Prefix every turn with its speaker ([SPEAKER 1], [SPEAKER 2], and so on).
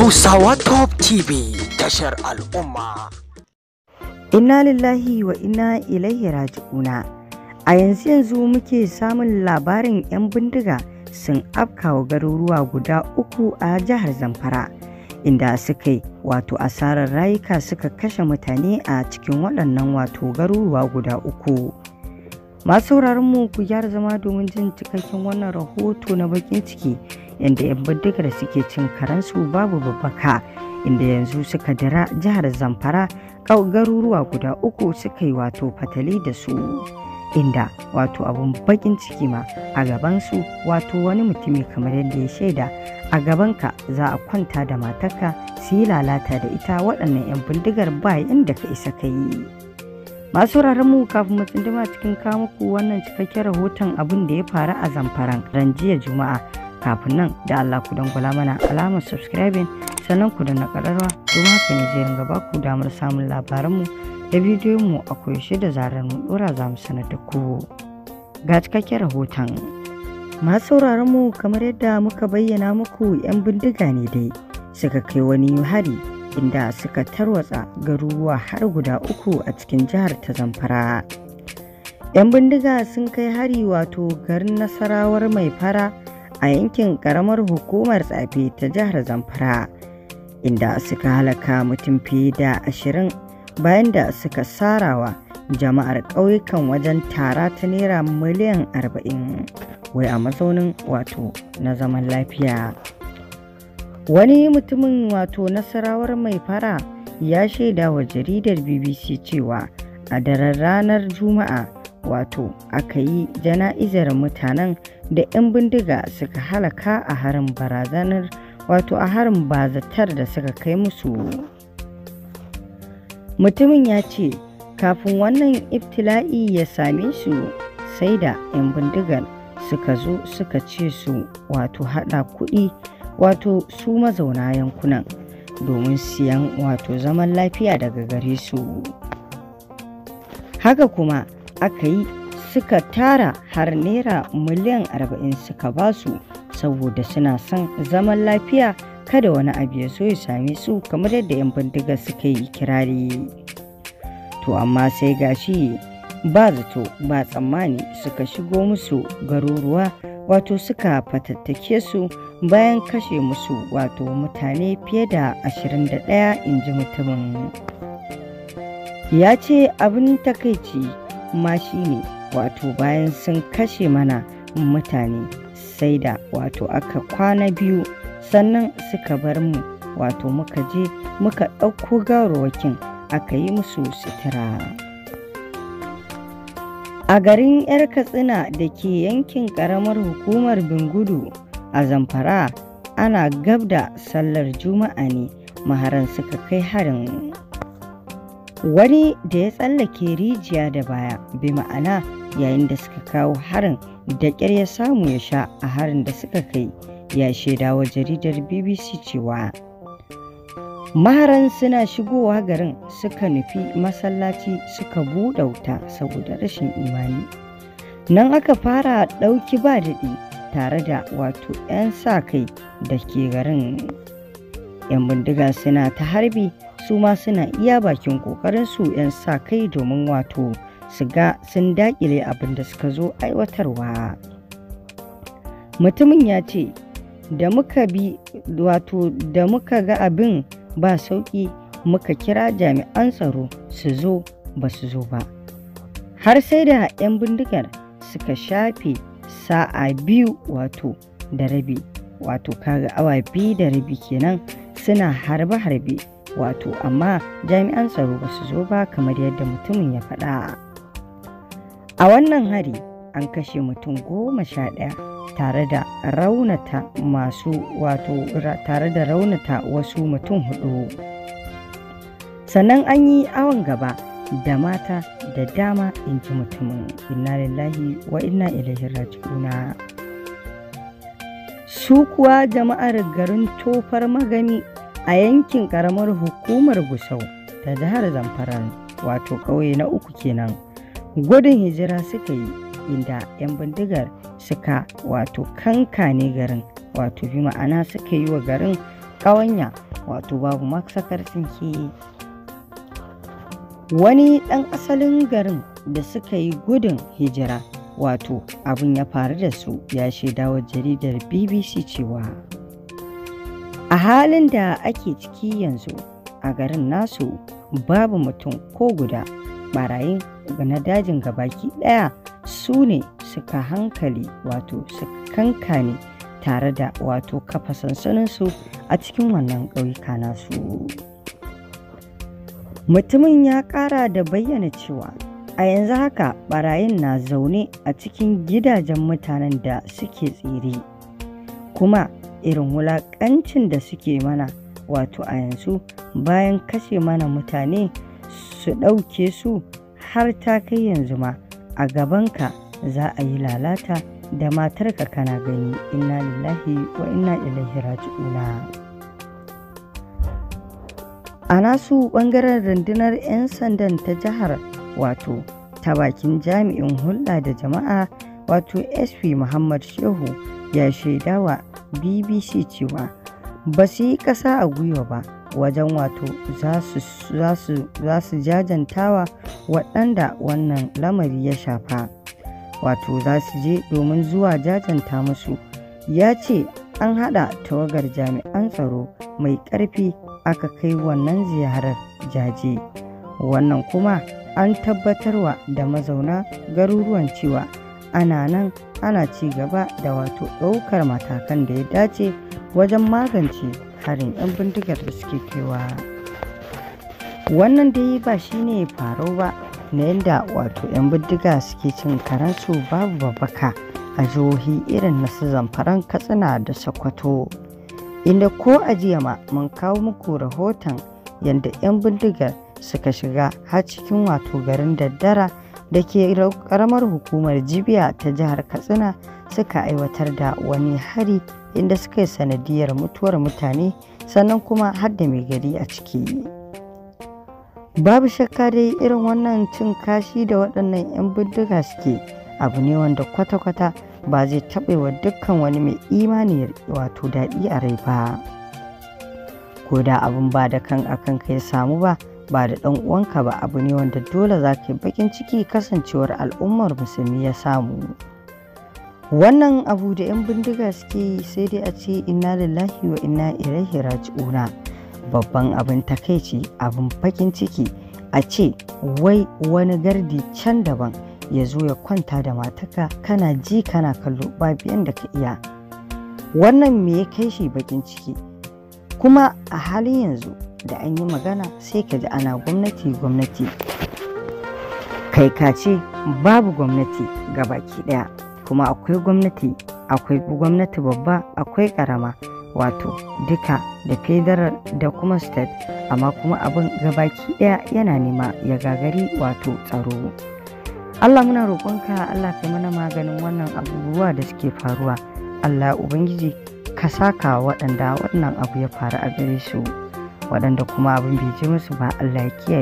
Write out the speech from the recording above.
[SPEAKER 1] Hausawa Top TV tashar al'umma. Inna lillahi wa inna ilaihi raji'una. A yanzu yanzu muke samun labarin 'yan bindiga sun afkawa garuruwa guda uku a jihar Zamfara. Inda suka yi wato asarar rayuka suka kashe mutane a cikin waɗannan wato garuruwa guda uku. Masu mu ku gyara zama domin jin cikakken wannan rahoto na bakin ciki Inda 'yan bindigar suke cin karensu babu babbaka inda yanzu suka dira jihar zamfara garuruwa guda uku suka yi wato fatali da su inda wato abun bakin ciki ma a gabansu wato wani mutumi kamar yadda ya shaida a gabanka za a kwanta da matarka su yi lalata da ita waɗannan 'yan bindigar ba inda ka isa ka yi masu mu kafin mu cikin kamuku wannan cikakken rahoton abin da ya faru a zamfaran ran jiya juma'a kafin nan da Allah ku dangwala mana alamar subscribing sannan ku da na kararwa domin haka ne zai ringa baku damar samun labaranmu da bidiyonmu a koyaushe da zarar mu dora za mu sanar da ku ga cikakken rahoton masu sauraron mu kamar yadda muka bayyana muku 'yan bindiga ne dai suka kai wani hari inda suka tarwatsa garuruwa har guda uku a cikin jihar ta zamfara 'yan bindiga sun kai hari wato garin nasarawar mai fara a yankin karamar hukumar tsafi ta jihar zamfara inda suka halaka mutum fiye da ashirin bayan da suka sarawa jama'ar ƙauyukan wajen tara ta naira miliyan arba'in wai a mazaunin wato na zaman lafiya wani mutumin wato nasarawar mai fara ya shaida wa jaridar bbc cewa a daren ranar juma'a wato aka yi jana'izar mutanen da 'yan bindiga suka halaka a harin barazanar wato a harin bazatar da suka kai musu mutumin ya ce kafin wannan iftila'i ya same su sai da 'yan bindigar suka zo suka ce su wato hada kuɗi wato su mazauna yankunan domin siyan wato zaman lafiya daga gare su haka kuma aka yi suka tara har naira miliyan arba'in suka basu saboda suna son zaman lafiya kada wani abu ya so ya same su kamar yadda 'yan bindiga suka yi kirari to amma sai gashi ba zato ba tsammani suka shigo musu garuruwa wato suka fatattake su bayan kashe musu wato mutane fiye da 21 ji mutumin ya ce abin takaici ma shi ne wato bayan sun kashe mana mutane sai da wato aka kwana biyu sannan suka bar mu wato muka je muka ɗauko gawarwakin aka yi musu sutura. A garin 'yar Katsina da ke yankin ƙaramar hukumar Bingudu a Zamfara ana gab da sallar Juma'a ne maharan suka kai harin. Wani da ya tsallake rijiya da baya bi ma'ana yayin da suka kawo harin da ƙyar ya samu ya sha a harin da suka kai ya shaida wa jaridar bbc cewa maharan suna shigowa garin suka nufi masallaci suka buɗe wuta saboda rashin imani nan aka fara ɗauki ba daɗi tare da wato 'yan sa kai da ke garin 'yan bindiga suna ta harbi su ma suna iya bakin ƙoƙarinsu 'yan sa kai domin wato su ga sun dakile abin da suka zo aiwatarwa mutumin ya ce da muka bi wato da muka ga abin ba sauki muka kira jami'an tsaro su zo ba su zo ba har sai da 'yan bindigar suka shafe sa'a biyu wato da rabi wato kaga awa biyu da rabi kenan suna harbe-harbe wato amma jami'an tsaro ba su zo ba kamar yadda mutumin ya faɗa. A wannan hari an kashe mutum goma sha ɗaya tare da raunata masu wato tare da raunata wasu mutum hudu. Sannan an yi awon gaba da mata da dama in ji mutumin inna lillahi wa inna ilaihi raji'una. Su kuwa jama'ar garin tofar magami a yankin ƙaramar hukumar Gusau ta jihar Zamfara wato ƙauye na uku kenan. gudun hijira suka yi inda 'yan bindigar suka wato kankane garin wato bi ma'ana suka yi wa garin ƙawanya wato babu maksakar ke. wani ɗan asalin garin da suka yi gudun hijira wato abin ya faru da su ya shaida wa jaridar bbc cewa a halin da ake ciki yanzu a garin nasu babu mutum ko guda barayin na dajin gabaki ɗaya su ne suka hankali wato suka kankane tare da wato kafa sansaninsu a cikin wannan ƙauyuka nasu mutumin ya ƙara da bayyana cewa a yanzu haka barayin na zaune a cikin gidajen mutanen da suke tsere kuma irin wulaƙancin da suke mana wato a yanzu bayan kashe mana mutane su ɗauke su har ta kai yanzu ma a gabanka za a yi lalata da matarka kana gani inna lillahi wa inna ilaihi raji'una a nasu bangaren rundunar 'yan sandan ta jihar wato ta bakin jami'in hulɗa da jama'a wato sp muhammad shehu ya shaidawa bbc cewa ba su yi ƙasa a gwiwa ba wajen wato za su jajantawa waɗanda wannan lamari ya shafa wato za su je domin zuwa jajanta musu ya ce an haɗa tawagar jami'an tsaro mai ƙarfi aka kai wannan ziyarar jaje wannan kuma an tabbatarwa da mazauna garuruwan cewa ana nan ana ci gaba da wato ɗaukar matakan da ya dace wajen magance harin 'yan bindigar da suke kaiwa. wannan dai ba shine farau ba na yadda wato 'yan bindiga suke cin karansu babu babaka a jihohi irin na su zamfaran katsina da sokoto inda ko a jiya ma mun kawo muku rahoton yadda 'yan bindigar suka shiga har cikin wato garin daddara da ke karamar hukumar jibiya ta jihar katsina suka aiwatar da wani hari inda suka yi sanadiyar mutuwar mutane sannan kuma har da mai gari a ciki. babu shakka dai irin wannan cin kashi da waɗannan 'yan bindiga suke abu ne wanda kwata-kwata ba zai wa dukkan wani mai imani wato daɗi a rai ba ko da abin ba da kan akan ka ya samu ba ba da ɗan uwanka ba abu ne wanda dole za ka yi bakin ciki kasancewar al'ummar musulmi ya samu wannan abu da 'yan bindiga suke sai dai a ce 'Ina lillahi wa inna ilaihi raji'una babban abin takaici abin bakin ciki a ce wai wani gardi can daban ya zo ya kwanta da mataka kana ji kana kallo babu yadda ka iya wannan me ya kai shi bakin ciki kuma a halin yanzu da an yi magana sai ka ji ana gwamnati gwamnati kai ka babu gwamnati ga baki daya kuma akwai gwamnati akwai gwamnati babba akwai karama wato duka da federal da kuma state amma kuma abin gabaki daya yana nema ya gagari wato tsaro allah muna roƙonka allah ka mana maganin wannan abubuwa da suke faruwa allah ubangiji ka saka waɗanda wannan abu ya faru a gare su waɗanda kuma abin bai ji musu ba allah ya kiyaye